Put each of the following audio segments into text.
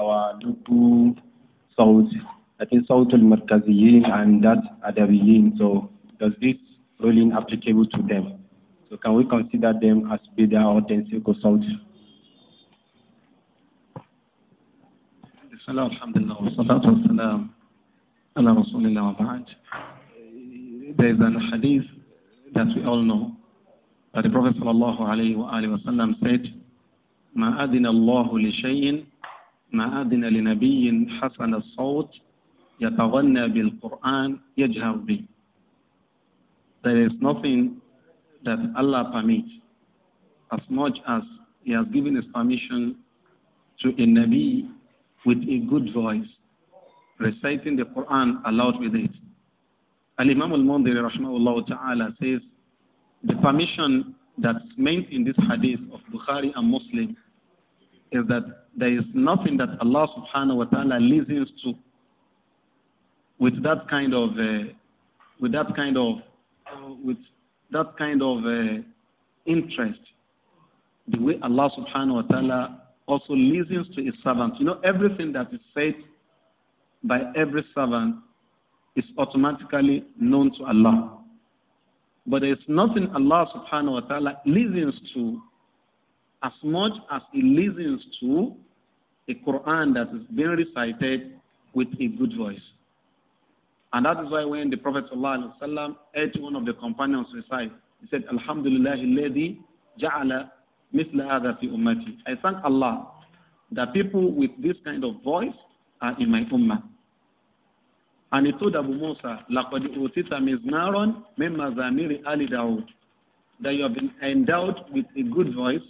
our local South, I think South al-Markaziyin and that Adawiyin. So does this ruling applicable to them? So can we consider them as Bida or Tensilko South? There is an hadith that we all know that the Prophet ﷺ said, "Ma sallam said, li shayin." ما أذن لنبي حسن الصوت يتغنى بالقرآن يجهر به There is nothing that Allah permits as much as He has given His permission to a Nabi with a good voice, reciting the Quran aloud with it. Al-Imam al-Mundiri ta'ala says, the permission that's meant in this hadith of Bukhari and Muslim is that there is nothing that Allah subhanahu wa ta'ala listens to with that kind of uh, with that kind of uh, with that kind of uh, interest the way Allah subhanahu wa ta'ala also listens to his servant you know everything that is said by every servant is automatically known to Allah but there is nothing Allah subhanahu wa ta'ala listens to as much as he listens to a Quran that is being recited with a good voice. And that is why when the Prophet ﷺ heard one of the companions recite, he said, Alhamdulillah, الذي ja'ala مثل هذا في I thank Allah that people with this kind of voice are in my ummah. And he told Abu Musa, لَقَدْ أُوتِيتَ مِزْمَارًا مِنْ مَزَامِيرِ آلِ دَاوُدَ That you have been endowed with a good voice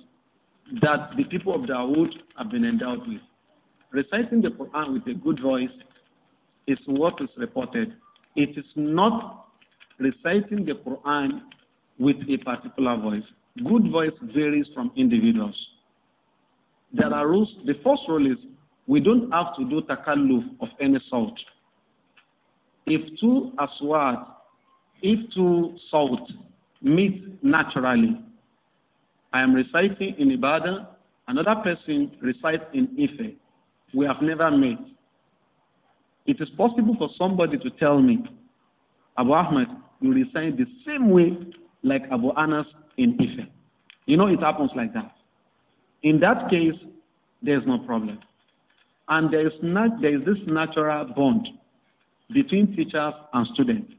that the people of Dawood have been endowed with. Reciting the Quran with a good voice is what is reported. It is not reciting the Quran with a particular voice. Good voice varies from individuals. There are rules. The first rule is we don't have to do takalluf of any sort. If two aswad, if two salt meet naturally, I am reciting in Ibadan, another person recites in Ife. We have never met. It is possible for somebody to tell me, Abu Ahmed, you recite the same way like Abu Anas in Ife. You know, it happens like that. In that case, there is no problem. And there is, not, there is this natural bond between teachers and students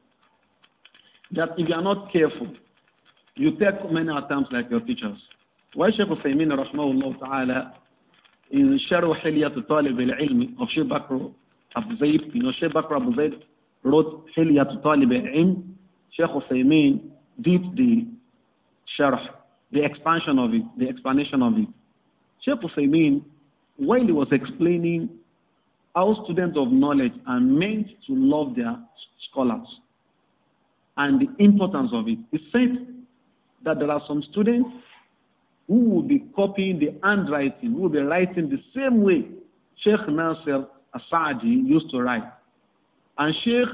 that if you are not careful, you take many attempts like your teachers. Why Sheikh Uthaymeen rahmahullah ta'ala in Sharh Hilyat Talib al-Ilm of Sheikh Bakr Abu Zayd, you know Sheikh Bakr Abu Zayd wrote Hilyat Talib al-Ilm, Sheikh Uthaymeen did the Sharh, the expansion of it, the explanation of it. Sheikh Uthaymeen, while he was explaining how students of knowledge are meant to love their scholars and the importance of it, he said that there are some students who will be copying the handwriting, who will be writing the same way Sheikh Nasser Asadi used to write. And Sheikh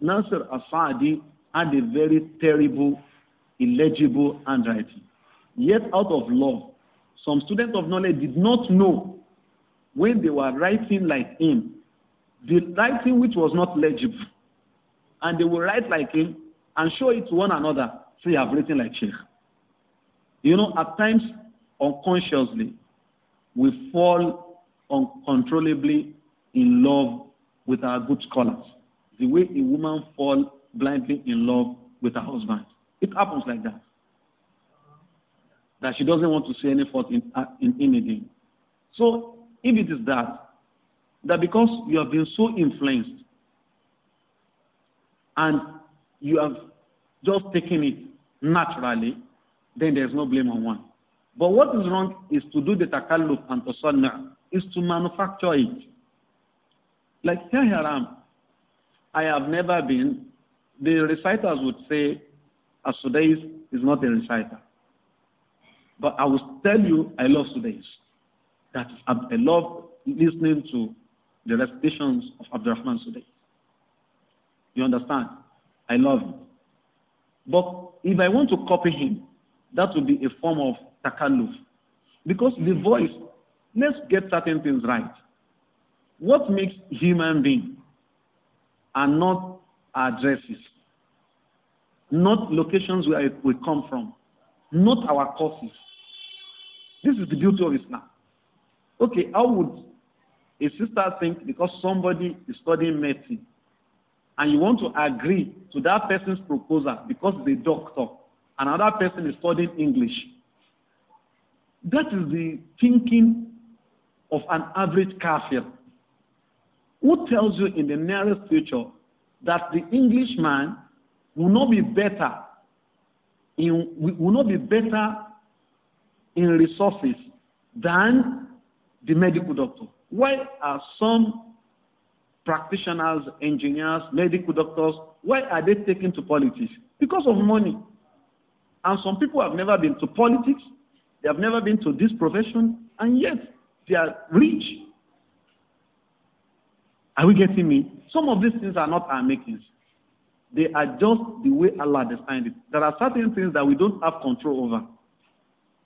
Nasser Asadi had a very terrible, illegible handwriting. Yet, out of love, some students of knowledge did not know when they were writing like him, the writing which was not legible. And they will write like him and show it to one another. See, I've written like Sheikh. You know, at times, unconsciously, we fall uncontrollably in love with our good scholars. The way a woman falls blindly in love with her husband. It happens like that. That she doesn't want to see any fault in, uh, in anything. So, if it is that, that because you have been so influenced and you have just taken it naturally, then there's no blame on one. But what is wrong is to do the takalluf and to tasanna, is to manufacture it. Like here, here I am. I have never been. The reciters would say, as Sudais is not a reciter. But I will tell you, I love Sudais. That is, I love listening to the recitations of Abdurrahman Sudais. You understand? I love him. But if I want to copy him, that will be a form of takaluf, Because the voice, let's get certain things right. What makes human beings are not addresses, not locations where we come from, not our causes. This is the beauty of Islam. Okay, how would a sister think because somebody is studying medicine and you want to agree to that person's proposal because he's doctor another person is studying English. That is the thinking of an average kafir. Who tells you in the nearest future that the Englishman will not be better in will not be better in resources than the medical doctor? Why are some practitioners, engineers, medical doctors, why are they taken to politics? Because of money. And some people have never been to politics, they have never been to this profession, and yet they are rich. Are we getting me? Some of these things are not our makings. They are just the way Allah designed it. There are certain things that we don't have control over.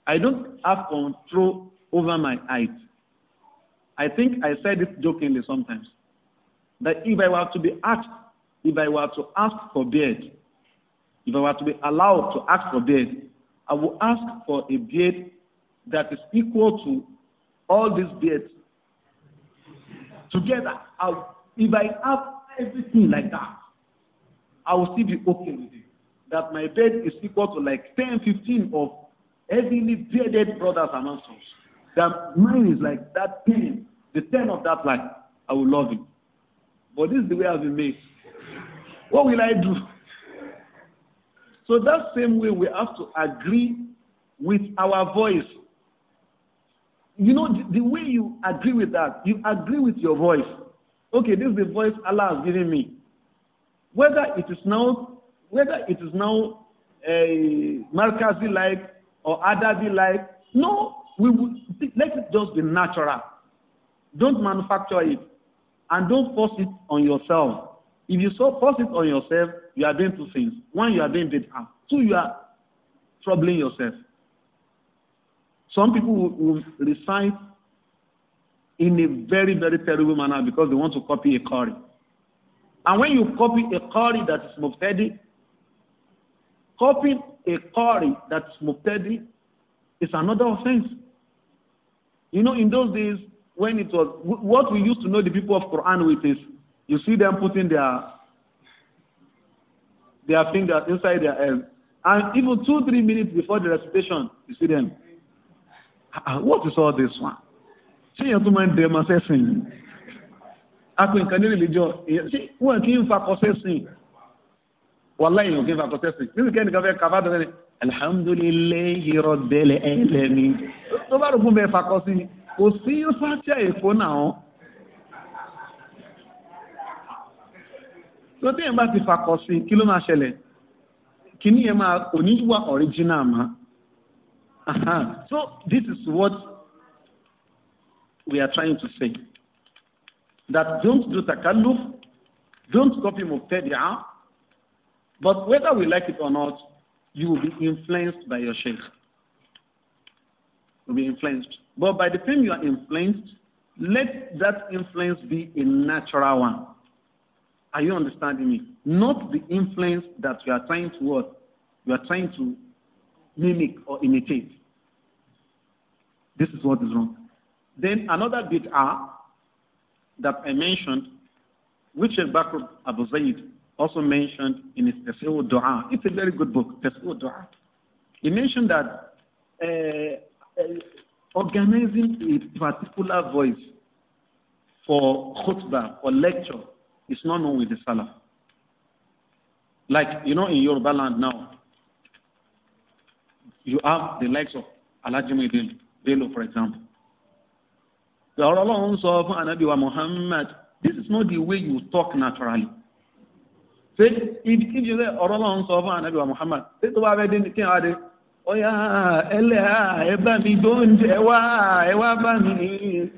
I don't have control over my height. I think I said it jokingly sometimes. That if I were to be asked, if I were to ask for beard, If I were to be allowed to ask for this, I will ask for a beard that is equal to all these beards together. I, if I have everything like that, I will still be okay with it. That my beard is equal to like 10, 15 of heavily bearded brothers and uncles. That mine is like that 10, the 10 of that life. I will love it. But this is the way I've been made. What will I do? So that same way, we have to agree with our voice. You know, the, the way you agree with that, you agree with your voice. Okay, this is the voice Allah has given me. Whether it is now, whether it is now a uh, eh, Markazi like or Adabi like, no, we will, let it just be natural. Don't manufacture it and don't force it on yourself. If you so force it on yourself, you are doing two things. One, you are doing up. Two, you are troubling yourself. Some people will, will recite in a very, very terrible manner because they want to copy a qari. And when you copy a qari that is muftadi, copying a qari that is muftadi is another offense. You know, in those days, when it was, what we used to know the people of Quran with is, you see them putting their their fingers inside their hand, um, And even two, three minutes before the recitation, you see them. What is all this one? Ṣé èèyàn tún máa ń dẹ̀mọ́ sẹ́sìn yìí? Apin kan ní rìlíjọ́, ṣé wọ́n kì í fakọ sẹ́sìn? Wàlá èèyàn kì í fakọ sẹ́sìn. Níbi kẹ́ni kan fẹ́ kàfá dọ̀rẹ́ ni, Alhamdulillahi Rabbil Alamin. Tó bá rò fún bẹ́ẹ̀ fakọ sí, kò sí yóò sá tó téèyàn bá ti fakọ̀ sí kí ló máa ṣẹlẹ̀ kíní yẹn máa oníwà original ma so this is what we are trying to say that don't do takalluf don't copy mubtadi'a but whether we like it or not you will be influenced by your sheikh will be influenced. But by the time you are influenced, let that influence be a natural one. Are you understanding me? Not the influence that you are trying to what? You are trying to mimic or imitate. This is what is wrong. Then another bit are that I mentioned, which Bakr Abu Zayd also mentioned in his Tafsir Dua. It's a very good book, Tafsir Dua. He mentioned that uh, uh, organizing a particular voice for khutbah or lecture is not known with the Salaf. Like, you know, in Yoruba land now, you have the likes of Alhaji Bello, for example. The Ọlọ́run sọ fún Anabi wa Muhammad, this is not the way you talk naturally. Say, if you say Ọlọ́run sọ fún Anabi wa Muhammad, say, tó bá fẹ́ dé ní kí n adé? Ọ̀yà ẹlẹ́hà ẹ bá mi dóúnjẹ wá ẹ wá mi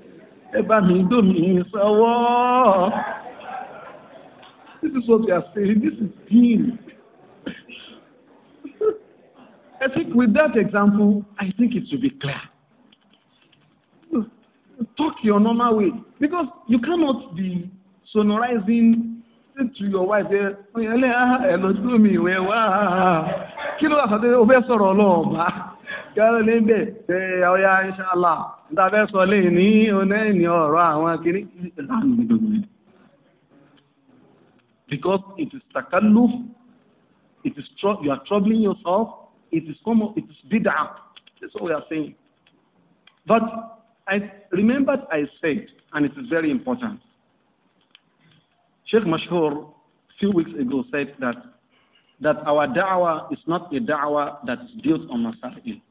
ẹ mi dómi sọ́wọ́. This is what we are saying. This is him. I think with that example, I think it should be clear. Talk your normal way. Because you cannot be sonorizing to your wife there, ọ̀yẹ́lẹ́ ṣe ọya inshallah. Ìtàbẹ́sọ̀ lè ní oní ẹ̀yìn ọ̀rọ̀ àwọn kiri. Because it is takalluf, it is you are troubling yourself, it is common, it is bid'ah. That's what we are saying. But I remembered I said, and it is very important. Sheikh Mashhur a few weeks ago said that that our da'wah is not a da'wah that is built on masail.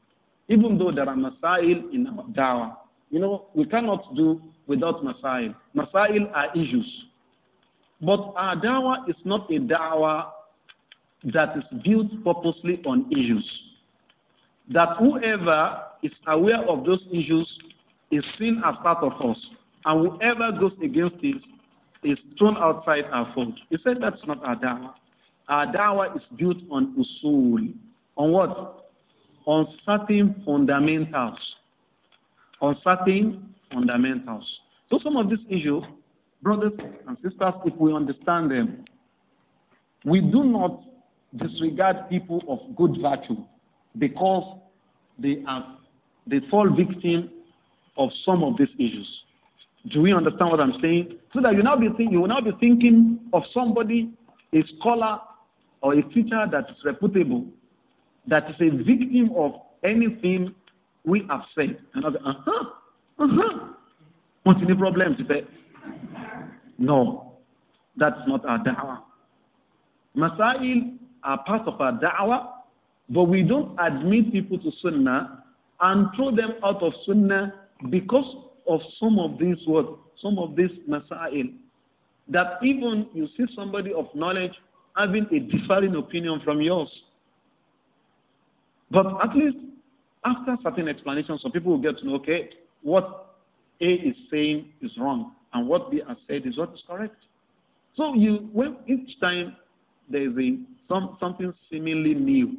Even though there are masail in our da'wah. You know, we cannot do without masail. Masail are issues. But our dawah is not a dawah that is built purposely on issues. That whoever is aware of those issues is seen as part of us, and whoever goes against it is thrown outside our fold. He said that's not our dawah. Our dawah is built on usul. On what? On certain fundamentals. On certain fundamentals. So some of these issues brothers and sisters, if we understand them, we do not disregard people of good virtue because they are they fall victim of some of these issues. Do we understand what I'm saying? So that you now be you will now be thinking of somebody, a scholar or a teacher that is reputable, that is a victim of anything we have said. And I uh huh, uh huh. What's the problem? No, that's not our da'wah. Masail are part of our da'wah, but we don't admit people to sunnah and throw them out of sunnah because of some of these words, some of these masail. That even you see somebody of knowledge having a differing opinion from yours. But at least after certain explanations, some people will get to know, okay, what A is saying is wrong and what they have said is what is correct. So you, when each time there is a, some, something seemingly new,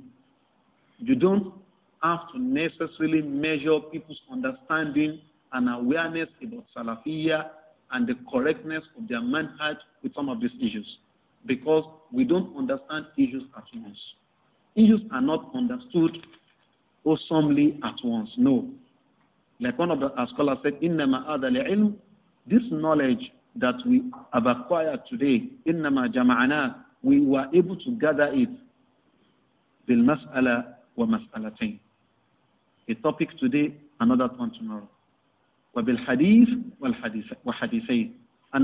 you don't have to necessarily measure people's understanding and awareness about Salafiyah and the correctness of their manhood with some of these issues because we don't understand issues at once. Issues are not understood wholesomely at once. No. Like one of the scholars said, إِنَّمَا هَذَا الْعِلْمُ this knowledge that we have acquired today, إِنَّمَا جَمَعَنَا We were able to gather it wa وَمَسْأَلَتَيْنِ A topic today, another one tomorrow. وَبِالْحَدِيثِ And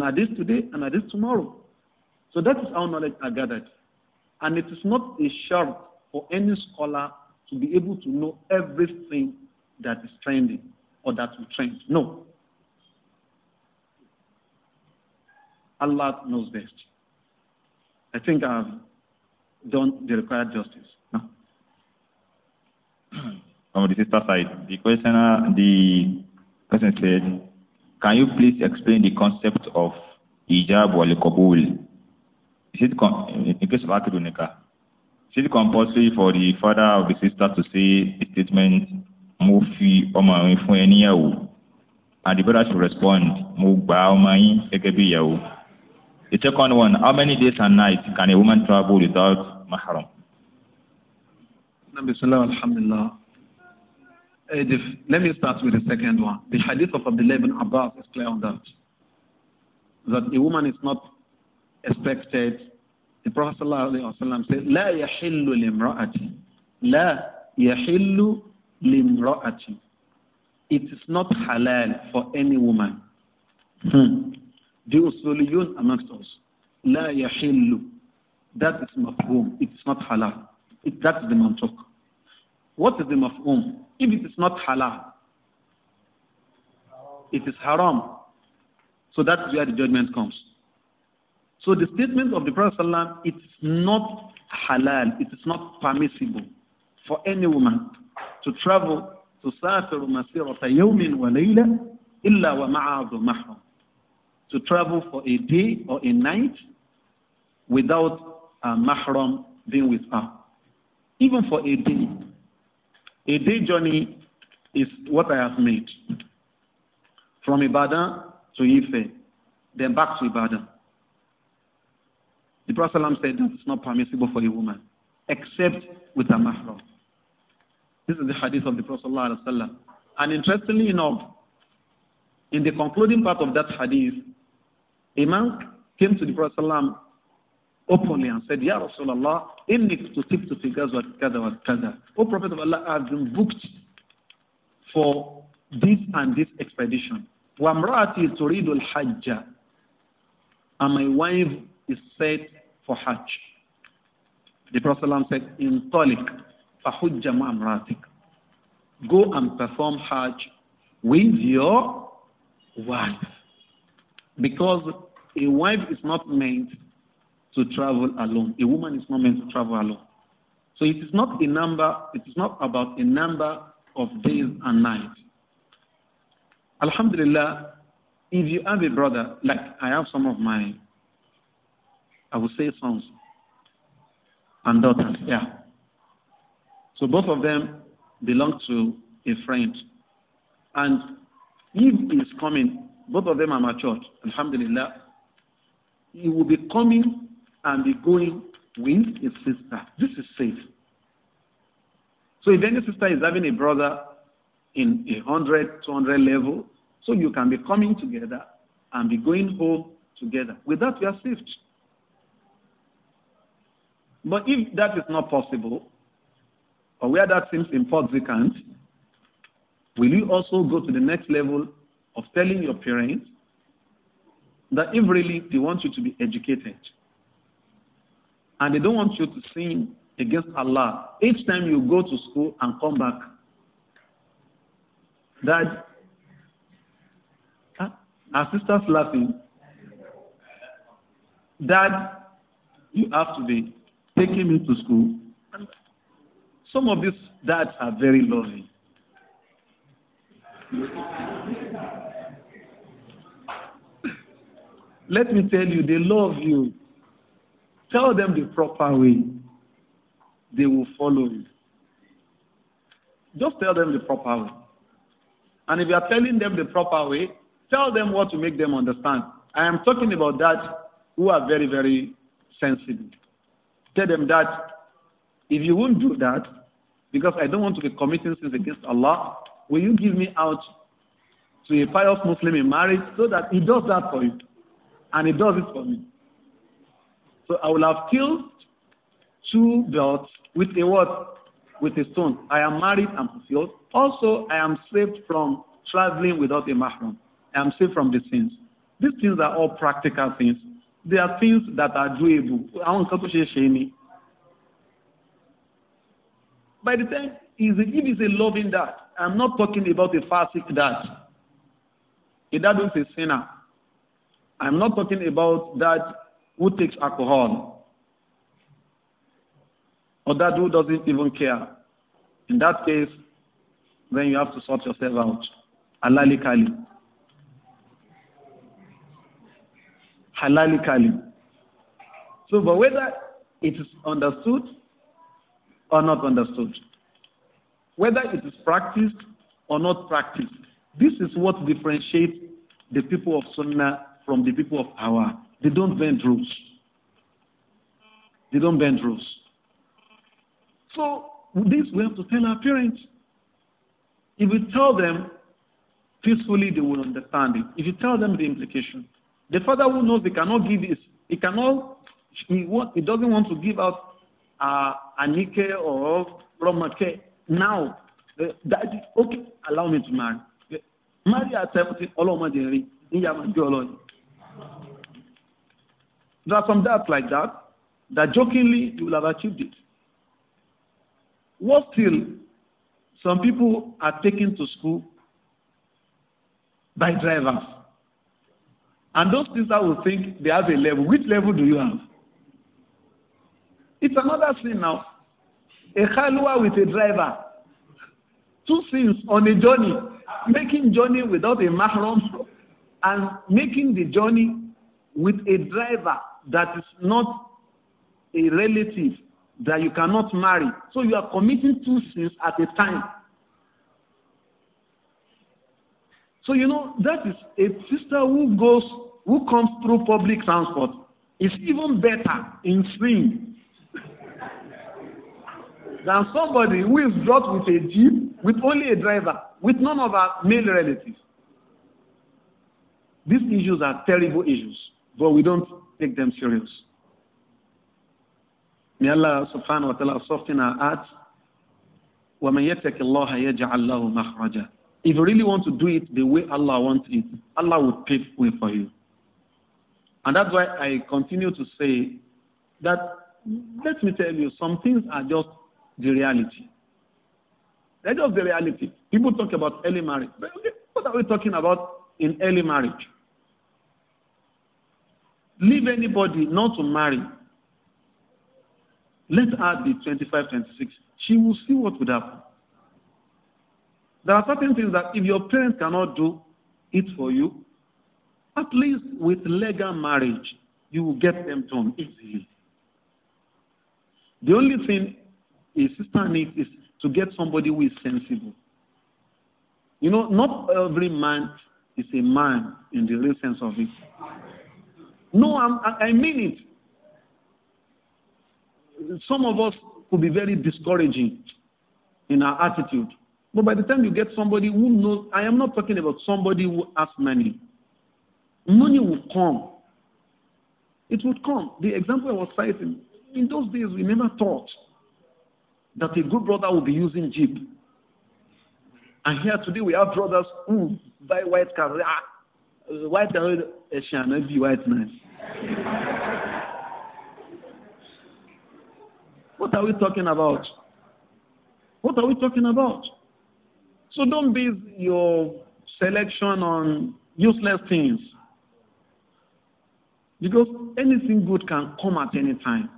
An hadith today, an hadith tomorrow. So that is how knowledge are gathered. And it is not a shart for any scholar to be able to know everything that is trending or that will trend. No. Allah knows best. I think I've done the required justice. No. From the sister side, the questioner, the person said, "Can you please explain the concept of hijab wal kabul? Is it in case of akidunika? Is it compulsory for the father of the sister to say the statement mufi fi ọmọ mi and the brother should respond mo gbà ọmọ The second one, how many days and nights can a woman travel without mahram? Alhamdulillah. Let me start with the second one. The hadith of Abdullah ibn Abbas is clear on that. That a woman is not expected. The Prophet ﷺ said, "La يحل limraati, la يحل limraati." It is not halal for any woman. Hmm the usuliyun amongst us. La yahillu. That is mafhum. It is not halal. It, that is the mantuk. What is the mafhum? If it is not halal, it is haram. So that's where the judgment comes. So the statement of the Prophet ﷺ, it's not halal, it is not permissible for any woman to travel to سافر مسيرة يوم وليلة إلا ومعه ذو mahram to travel for a day or a night without a uh, mahram being with her. Even for a day. A day journey is what I have made. From Ibadan to Ife, then back to Ibadan. The Prophet said that it's not permissible for a woman, except with a mahram. This is the hadith of the Prophet. And interestingly enough, in the concluding part of that hadith, a man came to the Prophet ﷺ openly and said, Ya Rasulullah, inni kutibtu fi ghazwat kada wa kada. O Prophet of Allah, I have been booked for this and this expedition. Wa mraati turidu al-hajja. And my wife is set for hajj. The Prophet ﷺ said, In talik, fahujja ma'amratik. Go and perform hajj with your wife. Because a wife is not meant to travel alone. A woman is not meant to travel alone. So it is not a number, it is not about a number of days and nights. Alhamdulillah, if you have a brother, like I have some of my, I would say sons and daughters, yeah. So both of them belong to a friend. And if is coming, both of them are matured, Alhamdulillah. He will be coming and be going with his sister. This is safe. So if any sister is having a brother in a 100, 200 level, so you can be coming together and be going home together. With that, we are saved. But if that is not possible, or where that seems important, will you also go to the next level of telling your parents that if really they want you to be educated and they don't want you to sin against Allah each time you go to school and come back, that our sister's laughing, that you have to be taking me to school. some of these dads are very loving. Let me tell you, they love you. Tell them the proper way. They will follow you. Just tell them the proper way. And if you are telling them the proper way, tell them what to make them understand. I am talking about that who are very, very sensitive. Tell them that if you won't do that, because I don't want to be committing sins against Allah, will you give me out to a pious Muslim in marriage so that he does that for you? and he does it for me. So I will have killed two birds with a what? With a stone. I am married and fulfilled. Also, I am saved from traveling without a mahram. I am saved from the sins. These things are all practical things. They are things that are doable. I want tó ṣe ṣe Shami. By the time is a, if it's a loving dad, I'm not talking about a fasting dad. A dad who's a sinner. I'm not talking about that who takes alcohol or that who doesn't even care. In that case, then you have to sort yourself out. Halalikali. Halalikali. So, but whether it is understood or not understood, whether it is practiced or not practiced, this is what differentiates the people of Sunnah from the people of our. They don't bend rules. They don't bend rules. So this we have to tell our parents. If we tell them peacefully, they will understand it. If you tell them the implication, the father who knows they cannot give this. he cannot, he, want, he doesn't want to give out uh, anike or romake. Now, uh, okay, allow me to marry. Marry at 17, all of my there are some dads like that, that jokingly you will have achieved it. Worse still, some people are taken to school by drivers. And those sisters will think they have a level. Which level do you have? It's another sin now. A halwa with a driver. Two sins on a journey. Making journey without a mahram and making the journey with a driver that is not a relative that you cannot marry. So you are committing two sins at a time. So you know that is a sister who goes who comes through public transport is even better in sin than somebody who is brought with a jeep with only a driver with none of our male relatives. These issues are terrible issues but we don't take them serious. May Allah subhanahu wa ta'ala soften our hearts. وَمَنْ يَتَّكِ اللَّهَ يَجْعَلْ لَهُ مَخْرَجًا If you really want to do it the way Allah wants it, Allah will pave way for you. And that's why I continue to say that, let me tell you, some things are just the reality. They're just the reality. People talk about early marriage. But okay, what are we talking about in early marriage? leave anybody not to marry. Let her be 25, 26. She will see what would happen. There are certain things that if your parents cannot do it for you, at least with legal marriage, you will get them done easily. The only thing a sister needs is to get somebody who is sensible. You know, not every man is a man in the real sense of it. No, I'm, i mean it. Some of us could be very discouraging in our attitude. But by the time you get somebody who knows, I am not talking about somebody who has money. Money will come. It would come. The example I was citing, in those days we never thought that a good brother would be using Jeep. And here today we have brothers who buy white cars. Ah, white àwọn ẹ̀sìn ànábì white man. What are we talking about? What are we talking about? So don't base your selection on useless things. Because anything good can come at any time.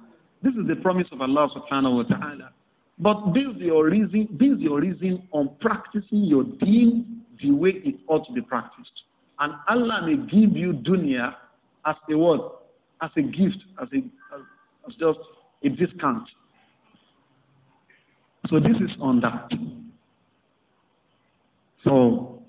This is the promise of Allah subhanahu wa ta'ala. But base your reason, base your reason on practicing your deen the way it ought to be practiced. And Allah may give you dunya as a word, As a gift, as, a, as just a discount. So this is on that. So,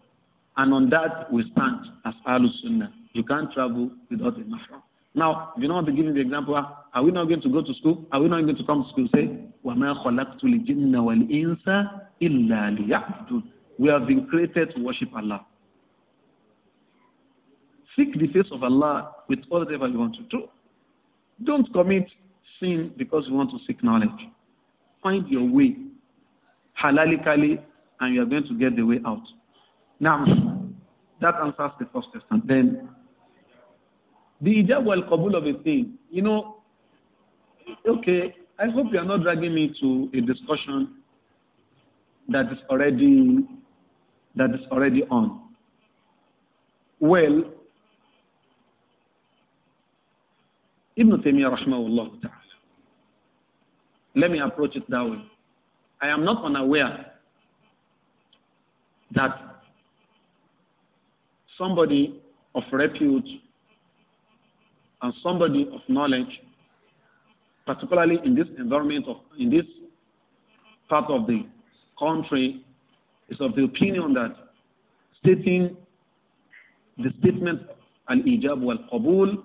and on that we stand as Ahlul Sunnah. You can't travel without a mahram. Now, you know what to give the example? Are we not going to go to school? Are we not going to come to school? Say, وَمَا خَلَقْتُ وَالْإِنسَ إِلَّا لِيَعْبُدُونَ We have been created to worship Allah seek the face of Allah with whatever you want to do. Don't commit sin because you want to seek knowledge. Find your way halalically and you are going to get the way out. Now, that answers the first question. Then, the ijab wal kabul of a thing. You know, okay, I hope you are not dragging me to a discussion that is already that is already on. Well, Ibn Taymiyyah rahmahullah ta'ala. Let me approach it that way. I am not unaware that somebody of repute and somebody of knowledge, particularly in this environment of in this part of the country, is of the opinion that stating the statement al-ijab wal-qabul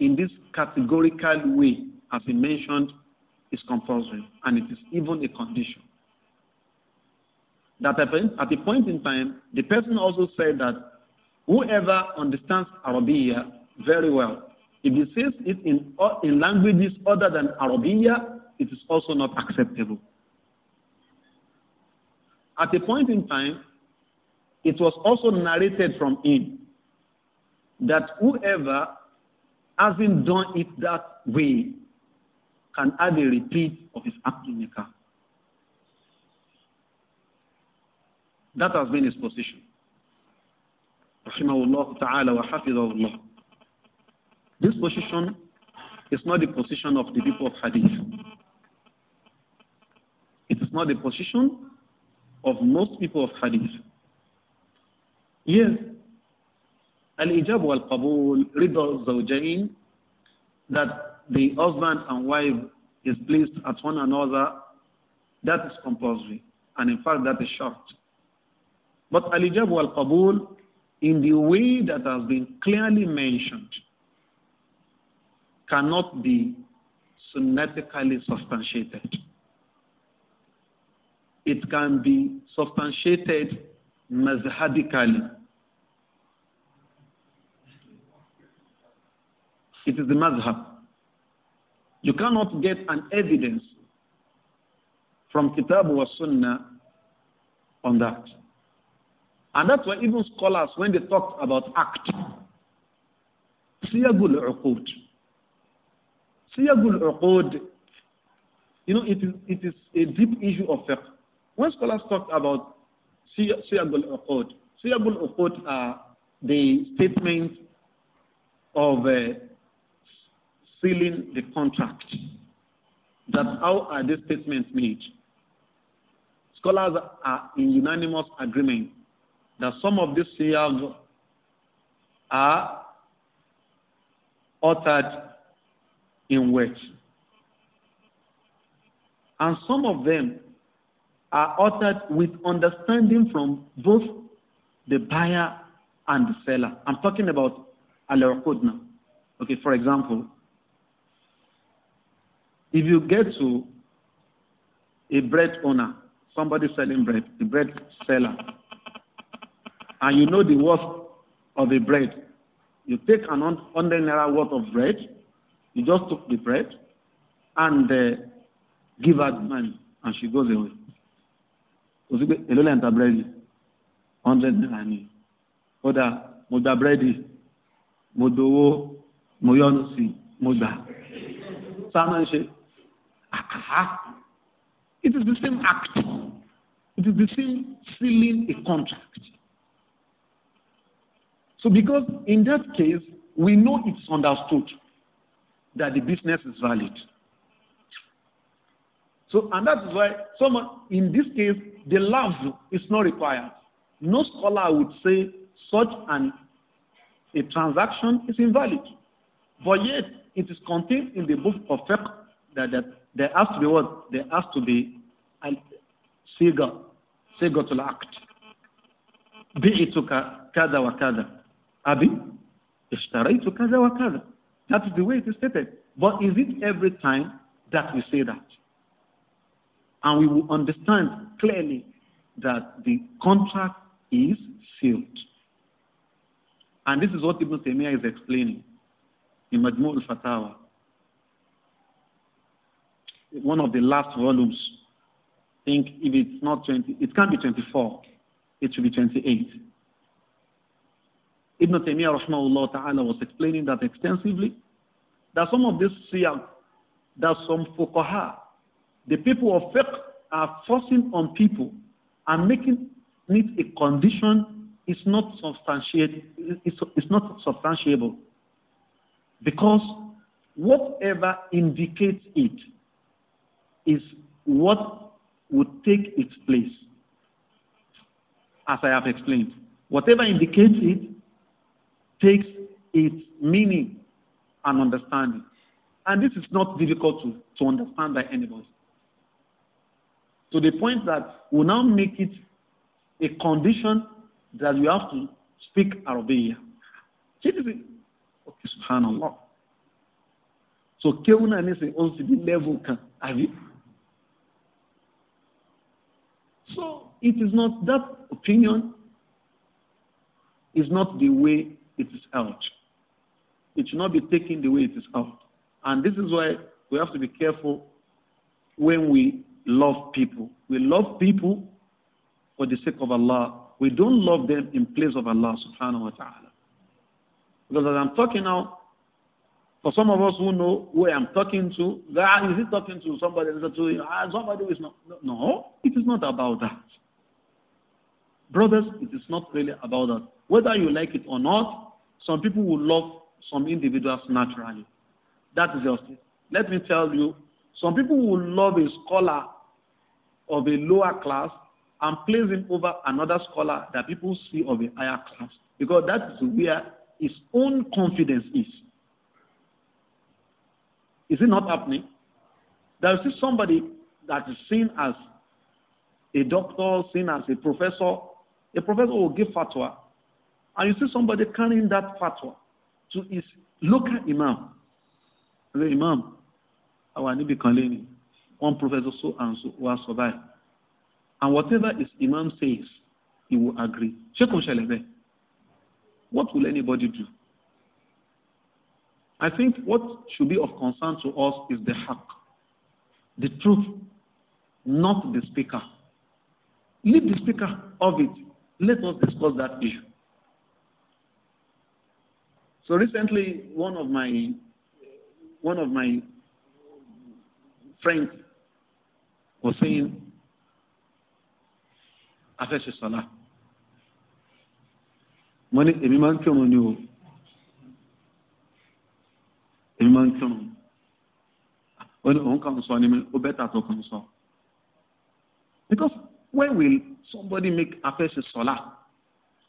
in this categorical way, as he mentioned, is compulsory and it is even a condition. That at a point in time, the person also said that whoever understands Arabia very well, if he says it in, in languages other than Arabia, it is also not acceptable. At a point in time, it was also narrated from him that whoever having done it that way, can add a repeat of his abdul That has been his position. This position is not the position of the people of Hadith. It is not the position of most people of Hadith. Yes, Al-ijab wal-qabul, the zawjain, that the husband and wife is pleased at one another, that is compulsory. And in fact, that is short. But al-ijab wal-qabul, in the way that has been clearly mentioned, cannot be sunnatically substantiated. It can be substantiated mazhabically It is the mazhab. You cannot get an evidence from Kitab wa Sunnah on that. And that's why even scholars, when they talk about act, siyagul uqud. Siyagul uqud, you know, it is, it is a deep issue of fiqh. When scholars talk about siyagul uqud, siyagul uqud are the statements of uh, sealing the contract. That how are these statements made? Scholars are in unanimous agreement that some of these siyag are uttered in words. And some of them are uttered with understanding from both the buyer and the seller. I'm talking about al now. Okay, for example, If you get to a bread owner, somebody selling bread, a bread seller, and you know the worth of the bread, you take an 100 naira worth of bread, you just took the bread and uh, give her the money, and she goes away. Kò sí pé èló hundred naira ni kódà mo gba búrẹ́dì mo dowó mo yọnu sí mo gbà sáà máa ń ṣe. Ah, ah. It is the same act. It is the same sealing a contract. So because in that case, we know it's understood that the business is valid. So, and that is why someone, in this case, the love is not required. No scholar would say such an a transaction is invalid. But yet, it is contained in the book of fiqh that that. There has to be what? There has to be an siga, siga to act. Bi'ituka kada wa kada. Abi, ishtaraitu kada wa kada. That is the way it is stated. But is it every time that we say that? And we will understand clearly that the contract is sealed. And this is what Ibn Taymiyyah is explaining in Majmu' al-Fatawa one of the last volumes. I think if it's not 20, it can't be 24. It should be 28. Ibn Taymiyyah rahmahullah ta'ala was explaining that extensively. That some of this siyam, that some fuqaha, the people of fiqh are forcing on people and making it a condition is not substantiated, it's, it's not substantiable. Because whatever indicates it, is what would take its place, as I have explained. Whatever indicates it takes its meaning and understanding. And this is not difficult to, to understand by anybody. To the point that we now make it a condition that you have to speak Arabia. See, this is okay, subhanallah. So, Keuna is the level, have you? So it is not that opinion is not the way it is out. It should not be taken the way it is out. And this is why we have to be careful when we love people. We love people for the sake of Allah. We don't love them in place of Allah subhanahu wa ta'ala. Because as I'm talking now, for some of us who know who I am talking to, ah, is he talking to somebody else? To ah, somebody who is not. No, it is not about that. Brothers, it is not really about that. Whether you like it or not, some people will love some individuals naturally. That is just it. Let me tell you, some people will love a scholar of a lower class and place him over another scholar that people see of a higher class because that is where his own confidence is. Is it not happening? There is still somebody that is seen as a doctor, seen as a professor. A professor will give fatwa. And you see somebody carrying that fatwa to his local imam. The imam, our Nibi Kalini, one professor so and so will survive. And whatever his imam says, he will agree. What will anybody do? I think what should be of concern to us is the haqq, the truth, not the speaker. Leave the speaker of it. Let us discuss that issue. So recently, one of my one of my friends was saying, "Afẹ́ṣe sọ́lá." Mo ní èmi èmi máa ń kírun ó ní òun kàn sọ ni ó bẹ́tà tó kàn sọ. because when will somebody make afẹ́ ṣe sọ́lá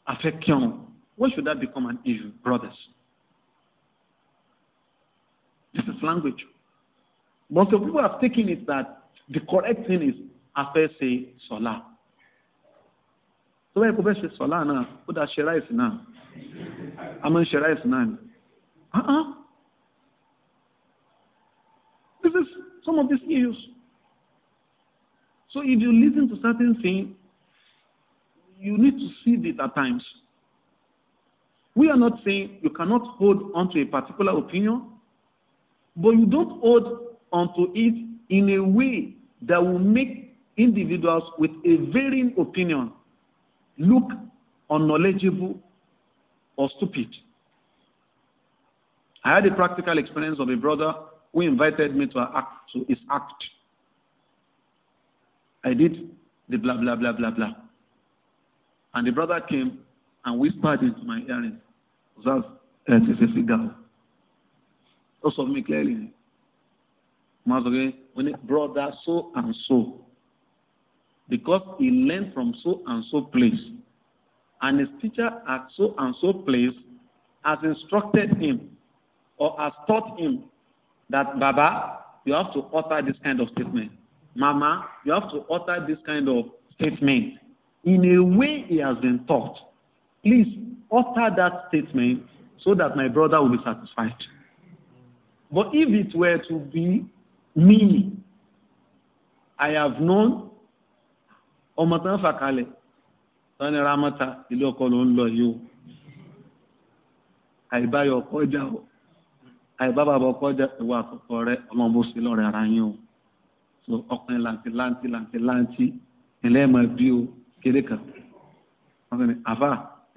afẹ́ kírun when should that become an issue brothers? this is language. But some people have taken it that the correct thing is afẹ́ ṣe sọ́lá. tó báyìí kò fẹ́ ṣe sọ́lá náà ó dá ṣe ráìsì náà a máa ń ṣe ráìsì náà ni. Ah, ah. some of these issues. So if you listen to certain things, you need to see it at times. We are not saying you cannot hold onto a particular opinion, but you don't hold onto it in a way that will make individuals with a varying opinion look unknowledgeable or stupid. I had a practical experience of a brother who invited me to, act, to his act. I did the blah, blah, blah, blah, blah. And the brother came and whispered into my hearing, "That is it is a figure. Also, me clearly. Mazoge, when it brother so and so, because he learned from so and so place, and his teacher at so and so place has instructed him or has taught him that Baba, you have to utter this kind of statement. Mama, you have to utter this kind of statement. In a way he has been taught. Please utter that statement so that my brother will be satisfied. But if it were to be me, I have known ọmọ tán fàkalẹ̀ tán ramata ilé ọkọ ló ń lọ yìí o àìbáyọ̀ ọkọ ọjà o àìbá bàbá ọkọ jẹ ìwà àkọ́kọ́ rẹ ọlọ́run bó ṣe ara yín o so ọkùnrin làǹtí làǹtí làǹtí làǹtí ilẹ̀ ẹ̀ máa bí o kéré kan wọ́n fẹ́ mi àfà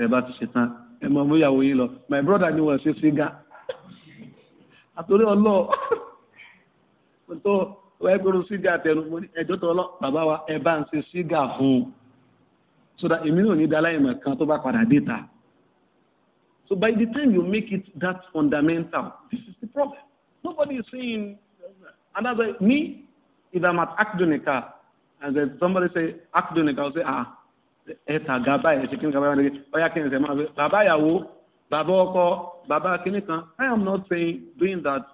ẹ bá ti ṣe tán ẹ máa mú ìyàwó yín lọ my brother ni wọ́n ṣe ṣígá àtòrí ọlọ́ tó wọ́n gbọ́dọ̀ ṣígá tẹnu mo ní ẹjọ́ tó ọlọ́ bàbá wa ẹ bá ń ṣe ṣígá fún un so that èmi náà ní dáláyìmọ̀ kan tó bá padà dé ta. So by the time you make it that fundamental, this is the problem. Nobody is saying, and as I, me, if I'm at Akdunika, and then somebody say Akdunika, I'll say, ah, ẹta gaba ẹ ṣe ọyá bàbá ìyàwó bàbá I am not saying doing that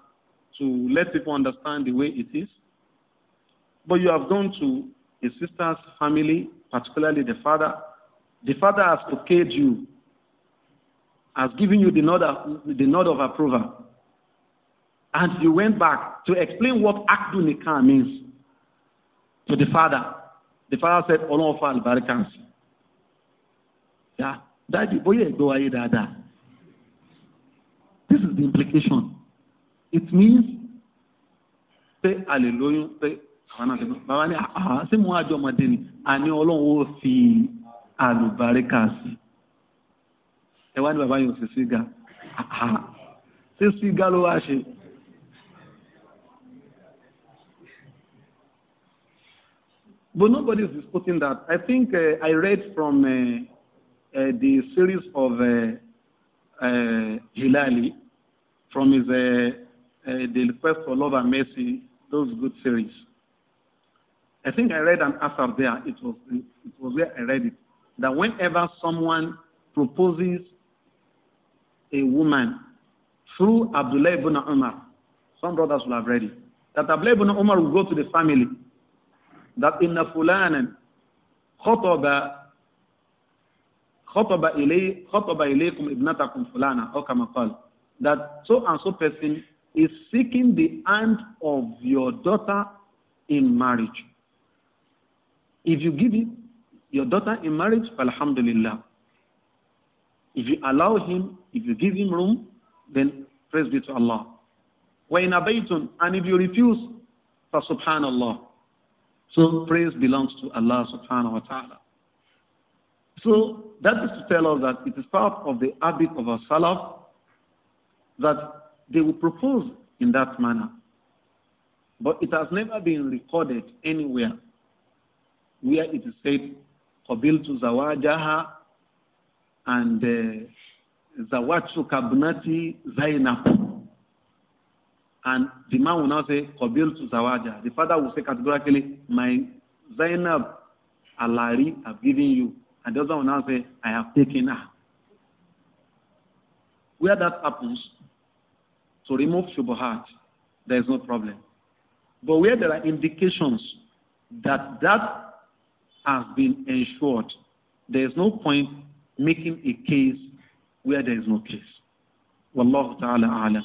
to let people understand the way it is but you have gone to a sister's family particularly the father the father has okayed you has given you the nod of, the nod of approval. And he went back to explain what Akdu means to the father. The father said, Ọlọ́run fa àlùbáríkà sí. Yeah, dáàdi bóyá ẹ̀gbọ́n wáyé dáadáa. This is the implication. It means "Say a say." lóyún pé àwọn náà lè bàbá ní àhà sí mú àjọ ọmọdé ni àní Ọlọ́run ó fi àlùbáríkà sí. ẹ ní bàbá yóò ṣe síga ṣé síga ló wá ṣe. But nobody is disputing that. I think uh, I read from uh, uh, the series of Hilali, uh, uh, from his uh, The Request for Love and Mercy, those good series. I think I read an answer there. It was, it was where I read it. That whenever someone proposes a woman through Abdullah ibn Umar. Some brothers will have read it. That Abdullah ibn Umar will go to the family. That in fulanan khotaba khotaba ilay khotaba ilaykum ibnatakum fulana or kama That so and so person is seeking the hand of your daughter in marriage. If you give it, your daughter in marriage, alhamdulillah. If you allow him, if you give him room, then praise be to Allah. وَإِنْ أَبَيْتُمْ And if you refuse, فَسُبْحَانَ So praise belongs to Allah subhanahu wa ta'ala. So that is to tell us that it is part of the habit of our Salaf that they will propose in that manner. But it has never been recorded anywhere where it is said, قَبِلْتُ زَوَاجَهَا and uh, Zawatu Kabnati Zainab. And the man will now say, Qabil to Zawaja. The father will say categorically, My Zainab Alari have given you. And the other will now say, I have taken her. Where that happens, to remove Shubahat, there is no problem. But where there are indications that that has been ensured, there is no point making a case where there is no case. Wallahu ta'ala a'lam.